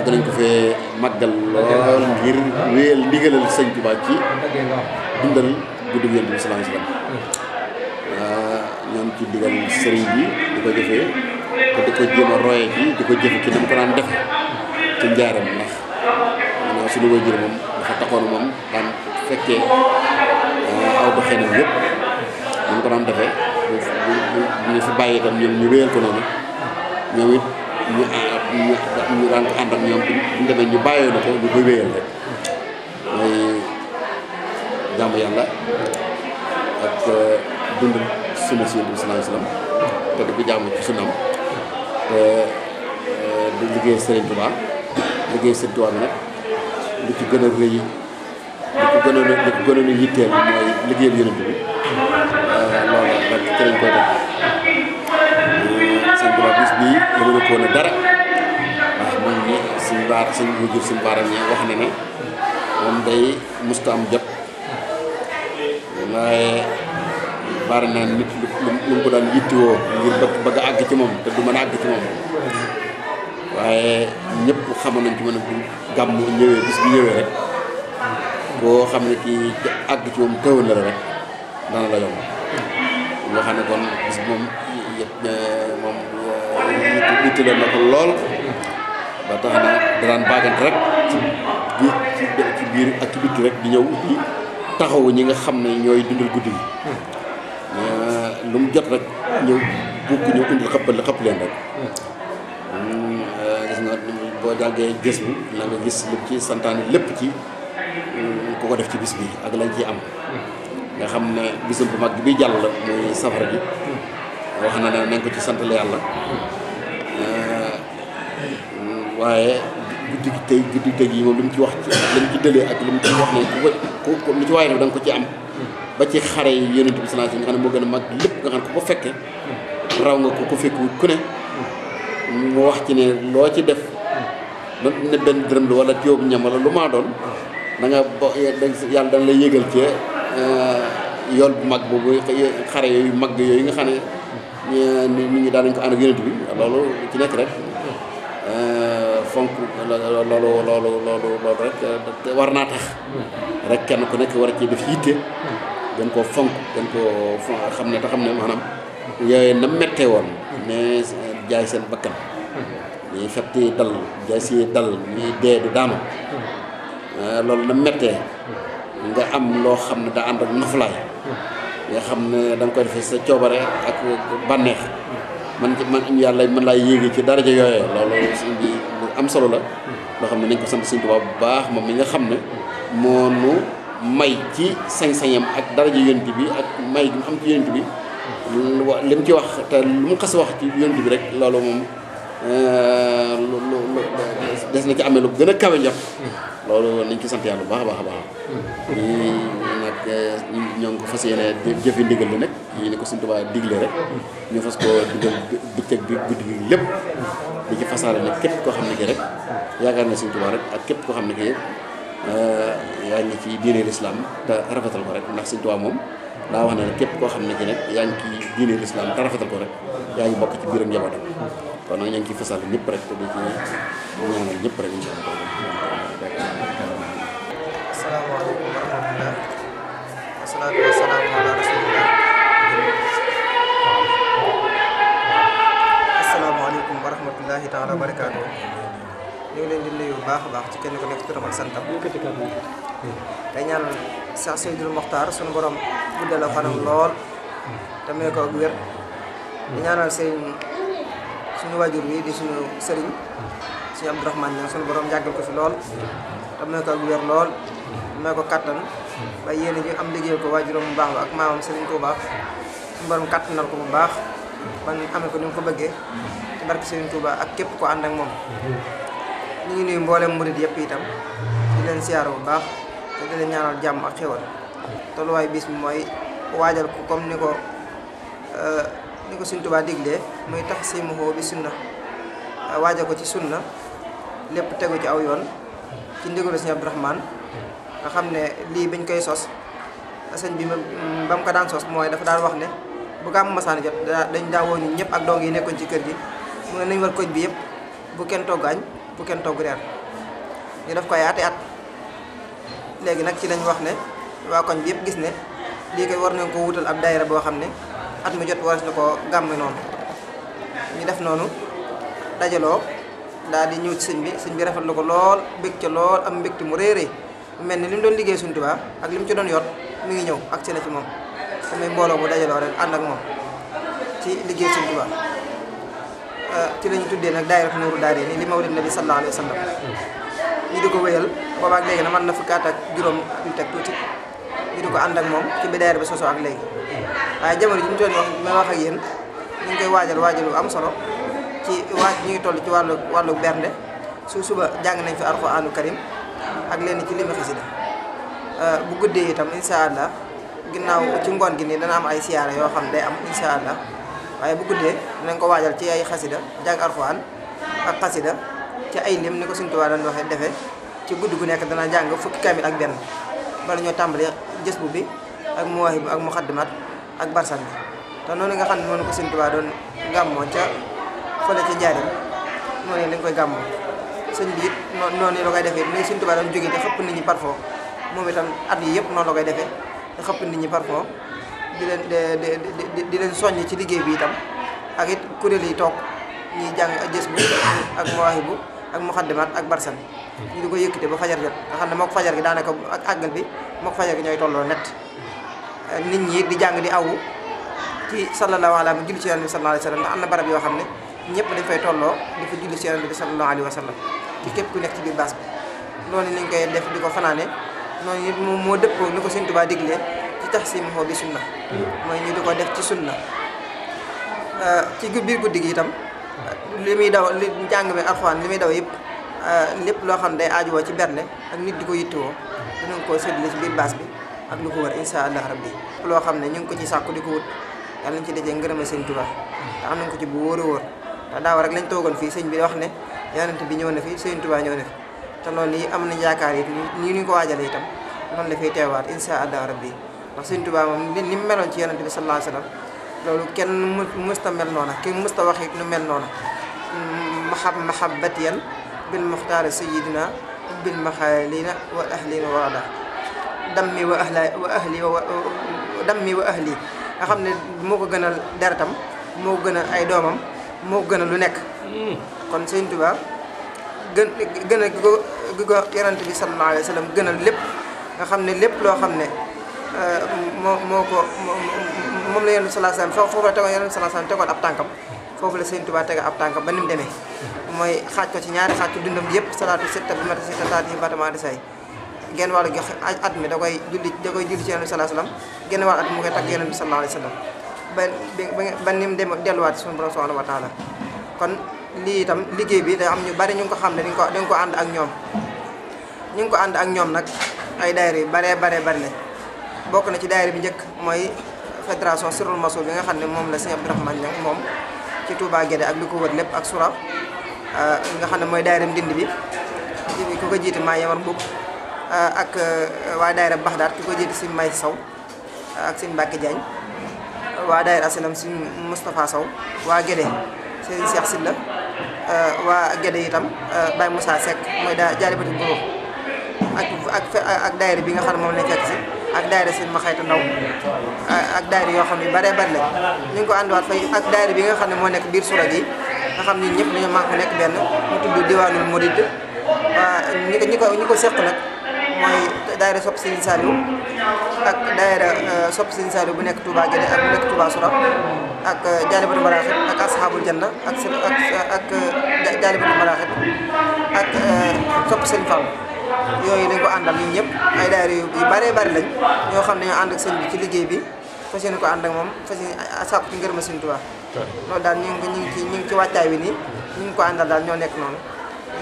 yàgg nañ ko fee màggal lool ngir wéyal ndigalal sëñ Tuubaa ci dundal guddi gi Yonent bi sallallahu alayhi wasallam ñoom ci digal sëriñ bi du ko jëfee te di ko jéem a ji di ko jëfe ci dama ko daan defe ci njaaram ndax maanaam suñu waajur moom dafa taxoon moom daan fekkee ah, aw doxinam yëpp dama ko daan defe bu bu bu ñu fi bàyyi itam ñoom ñu wéyal ko noonu ñoom it ñu ñu ñu daan ko ànd ak ñoom ñu bàyyee na ko ñu koy wéyal rek mooy jàmm yàlla ak uh, dund sunna si yonent bi sallallahu alayhi wasallam te di ko jàmm ci sunnam te uh, di liggéey Sëriñ Tuubaa liggéey Sëriñ Tuubaa gën a rëy bi uh, loolu rek bis bii dara. xibaar sëñ bu jur si mbaaram yi wax na ne moom day musta am jot waaye bar na nit lu mu ko daan wo ngir bëgg bëgg ag ci mom te du mëna ag ci mom waye ñepp xamoon nañ ci mëna a bu gàmm ñëwee bis bi ñëwé rek bo xam ne kii ci àgg ci moom teewul la rek da na la yomb loo xam kon bis mom yépp mom yitti la na ko lool ba tax na daan rek ci ci biir ak ci rek di ñëw di taxaw ñi nga xam ne ñooy guddi gi ya, lu jot rek ñëw bukk ñëw indil xëppal xëpp rek gis nga boo gis bu na nga gis lu ci ci ko def ci bis bi ak lañ ci am nga xam bisum bu mag bi jàll muy safara bi na ko ci waaye guddi gi tey guddi tey yi moom li mu ci wax li mu ci dëlee ak li mu ci wax ne ku ko lu ci waaye def da ko ci am ba ci xare yi yonent bi sallallahu alayhi nga xam ne moo gën a mag lépp nga xam ne ku ko fekke raw nga ko ko wax ci ne loo ci def doon ne benn dërëm la wala tiyobu ñam lu ma doon da nga yàlla dana la yëgal ci euh, yool bu mag boobu xare yooyu mag yooyu nga xam ne euh, nit ñi daan nañ ko ànd ak yonent bi loolu ci nekk rek euh, fonk lalu lalu lalu lalu rek war naa tax rek kenn ku nekk war a ci def yitte gën koo fonk gën koo xam ne te xam ne maanaam yooyu na méttee woon mais jaay seen bakkan lalu fetti eh, dal jaay si dal ñuy dee di daanu eh, loolu na méttee nga am loo xam ne daa ànd ak lalu nga xam ne da nga sa coobare ak bànneex man man am yàlla mën laa ci daraja yooyee eh. loolu suñ am solo la ba xamne nañ ko sant seigne touba bu baax mom mi nga xamne mo nu may ci sañ-sañam ak daraja yonent bi ak may gi xam ci yonent bi lim ci wax ta lu mu xass wax ci yonent bi rek loolu moom des na ci amelu gëna kawé a lolu nañ ci sant yalla bu baax baax baax ñi nag ñoo ko fasiyene yéene jëfe ndigal li nag ni ko rek ñu fas ko bi guddi di ci fasaare nag képp koo xam ne ki rek yaakaar na Sëriñ Tuubaa rek ak képp koo xam ne ki euh, yaa ci diine lislaam te ko rek ndax Sëriñ Tuubaa moom wax ne képp koo xam ne ki yaa ngi ci diine lislaam te rafetal ko rek yaa ngi bokk ci biiram njabootam kon nag ñoo ngi ciy fasaale ñëpp rek te ñëpp rek taala barakaatu ñu ngi leen di nuyu baax baax ci kenn ku nekk turam ak santam day ñaan cheikh seydul moxtaar sunu borom guddala fanam lool te mee ko ak wér di ñaanal sëriñ suñu wajur wi di suñu sëriñ suñu abdourahmane ñaan sunu borom yàggal ko fi lool te mee ko ak wér lool mee ko kattan ba yéene ji am ko wajuram bu baax ak ko baax suñu borom ko bu baax ban ko ko barke Serigne Touba ak kep ko ànd ak moom ñu ngi nuyu mboolem murid yëpp itam di len siyaar bu baax te di leen ñaanal jàmm ak xéwal tolluwaay bis moy wajal ko comme ni ko euh, ni Serigne Touba diglé moy tax si bi sunna wajal ko ci sunna lepp tegu ci aw yoon ci ndigalu Serigne abdourahman nga xamné ne lii bañ koy sos serigne bi bam ko daan sos moy dafa daan wax ne bu gàmmu masaan jot dañ da woo ñun ak dong yi nekkon ci kër gi mu ne nañ war koñ bi yëpp bu kenn togg añ bu kenn togg reer ñu def ko ay ati léegi nag ci lañ wax ne waa koñ bi yëpp gis ne lii koy war na ko wutal ab dayre boo xam ne at mu jot waras na ko gàmmi noonu ñu def noonu dajaloo daal di ñëw ci sëñ bi sëñ bi rafetlu ko lool bég ca lool am mbégte mu réeré mel ni li mu doon liggéey suñu Tuubaa ak li mu ci doon yot mu ngi ñëw ak ci na ci moom samay mbooloo bu dajaloo ren ànd ak moom ci liggéey suñu ci la ñu tuddee nag daayira Nuuru Daarayni li mawlid nabi sallallahu alayhi wa sallam ñu di ko wéyal boobaak léegi na man na fukkaat ak juróom teg tuuti ñu di ko ànd ak moom ci bi daayira bi sosoo ak léegi waaye jamono ji ñu toll wax may wax ak yéen ñu ngi waajal waajal bu am solo ci waaj ñu ngi toll ci wàllu wàllu bernde su suba jàng nañ fi alxuraanu karim ak lenn ci limi xasida euh, bu guddee itam incha allah ginnaaw ci ngoon gi nii dana am ay siyaara yoo xam ne day am incha allah waaye bu guddee dinañ ko waajal ci ay xasida jàng alxuraan ak xasida ci ay lim ni ko Sëriñ Tuubaa daan waxee defee ci guddi gu nekk dana jàng fukki kaamil ak benn bala ñoo tàmbali jës bu bi ak muwaahib ak mat ak barsan bi te noonu nga xam ne noonu ko Sëriñ Tuubaa doon gàmmoo ca fële ca njaarim noonu lañ koy gàmmoo sëñ bi it noonu la koy defee ni Sëriñ Tuubaa doon jógee te xëpp nit ñi parfum at yi yëpp noonu la koy defee te xëpp nit ñi di leen di di leen soññ ci liggéey bi itam ak it kuréel yi toog ñuy jàng jës bu ak mawaahibu ak muxaddimaat ak barsan ñu di ko yëkkate ba fajar jot nga xam ne moo fajar gi daanaka ak àggal bi mook fajar gi ñooy tolloo net nit ñi di jàng di awu ti sallallahu alayhi wa julli ci yonent bi sallallahu alayhi wa ndax am na barab yoo xam ne ñëpp dañ fay tolloo di fa julli ci yonent bi sallallahu alayhi wa sallam ci képp ku nekk ci biir baas bi noonu lañ def di ko fanaane noonu it moo dëppoo ni ko Sëñ Tuubaa diglee taxsimuhu bi sunna hmm. mooy ñu di ko def ci sunna euh, ci biir guddi gi itam li muy daw li njàng mi alxuraan li muy daw yëpp euh, lépp loo xam day aajuwoo ci berne ak nit di ko yittewoo dinañ ko séddale ci biir baas bi ak lu ko war insha allah loo xam ne ñu ngi ko ci sàkku di ko wut yàlla nañ ci dajee ngërëm a sëñ Tuubaa te am nañ ko ci bu wóor a wóor te daaw rek lañ toogoon fii sëñ bi wax ne yonent bi ñëw na fi sëñ Tuubaa ñëw na fi te loolu yi am nañ yaakaar yi nii ñu ko waajalee itam noonu la fiy teewaat insha allah rabbi وسيم توبا نيميلون سي يونس صلى الله عليه وسلم لولو كين مستمل نونا كين مست واخيك نو مل نونا محب محبتي بالمختار سيدنا بالمخالين واهلنا ورضا دمي واهلي واهلي ودمي واهلي خامني موكو غنال درتام مو غنا اي دومام مو غنا لو نيك كون سيدنا توبا غن غن غو يونس صلى الله عليه وسلم غنال ليب nga xamne lepp lo xamne Euh, moo moo ko moom la yonent sallallahu alayhi wasallam foofu la tegoon yonent ab tànkam foofu la Sëriñ Tuubaa tega ab tànkam ba ni mu demee mooy xaaj ko ci ñaari xaaj ko dundam bi yëpp salaatu sitta bi mata sitta taati batament di say genn wàllu jox at mi da koy julli da koy julli ci yonent bi sallallahu alayhi wasallam genn wàllu at mi mu koy tagg yonent bi sallallahu alayhi wasallam ba ba ni dem delluwaat suñu borom subhanahu wa taala kon lii itam liggéey bi day am ñu bari ñu ngi ko xam ne dañ ko dañ ko ànd ak ñoom ñu ngi ko ànd ak ñoom nag ay daayira yu baree baree bari nañ bokk na ci daayira bi njëkk mooy fédération Sirrul Masoul bi nga xam ne moom la sëñ Abdourahmane Niang moom ci Touba Guédé ak li ko wër lépp ak Sourah euh, nga xam ne mooy daayira Ndindi bi ko jiite maa Yamar Mbuub euh, ak euh, waa daayira Baxdaat ki ko jiite sëñ May Saw ak sëñ Mbacke Diagne waa daayira Asalam sëñ Moustapha Saw waa si sëñ Cheikh Sylla waa Guédé itam Baye Moussa Seck mooy daa jaaribati boro ak ak ak bi nga xam ne moom lañ fekk si ak daayira seen ma xaytu ndaw ak daayira yoo xam ne bare bare lañ ñu ngi ko àndiwaat fay ak daayira bi nga xam ne moo nekk biir sura gi nga xam ne ñëpp dañoo manko nekk benn mu tudd diwaanul murid waa ñi ko ñi ko ñi ko seq nag mooy daayira sopp Serigne Saliou ak daayira euh, sopp Serigne Saliou bu nekk Touba Guédé ak bu nekk Touba Sourab ak euh, Jaalibatu Maraaxib ak Asxaabul Janna ak ak ak euh, Jaalibatu ak sopp Serigne Fall yoy dañ ko andal ñun ñëpp ay daayira yu bari bari lañ ñoo xam dañu and ak señ bi ci liggéey bi fasiyene ko and ak mom fasiyene asap sàkku ci ngërëma sëñ Tuubaa loolu daal ñu ngi ñu ngi ci ñu ci waccay wi ni ñu ko andal daal ño nek non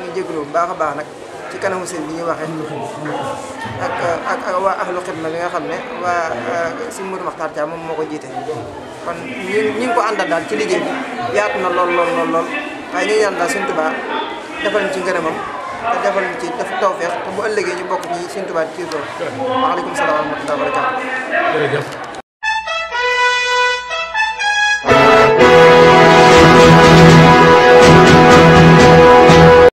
ñu jéglu jégalu bu baax a baax nag ci kanamu señ bi ñu waxe ak ak wa ahlu khidma bi nga xamne wa señ euh, sëñ Mourou Makhtar ta mom moko jité kon ñu ko andal daal ci liggéey bi yaatu na lool lool lool lool waaye ñu yalla señ tuba sëñ defal ñu ci ngeeramam te defal ñu ci def tawfeex te bu ëllëgee ñu bokk ci Sëriñ Tuubaa ci réseau bi. waaleykum salaam wa rahmatulah wa barakaatu. jërëjëf.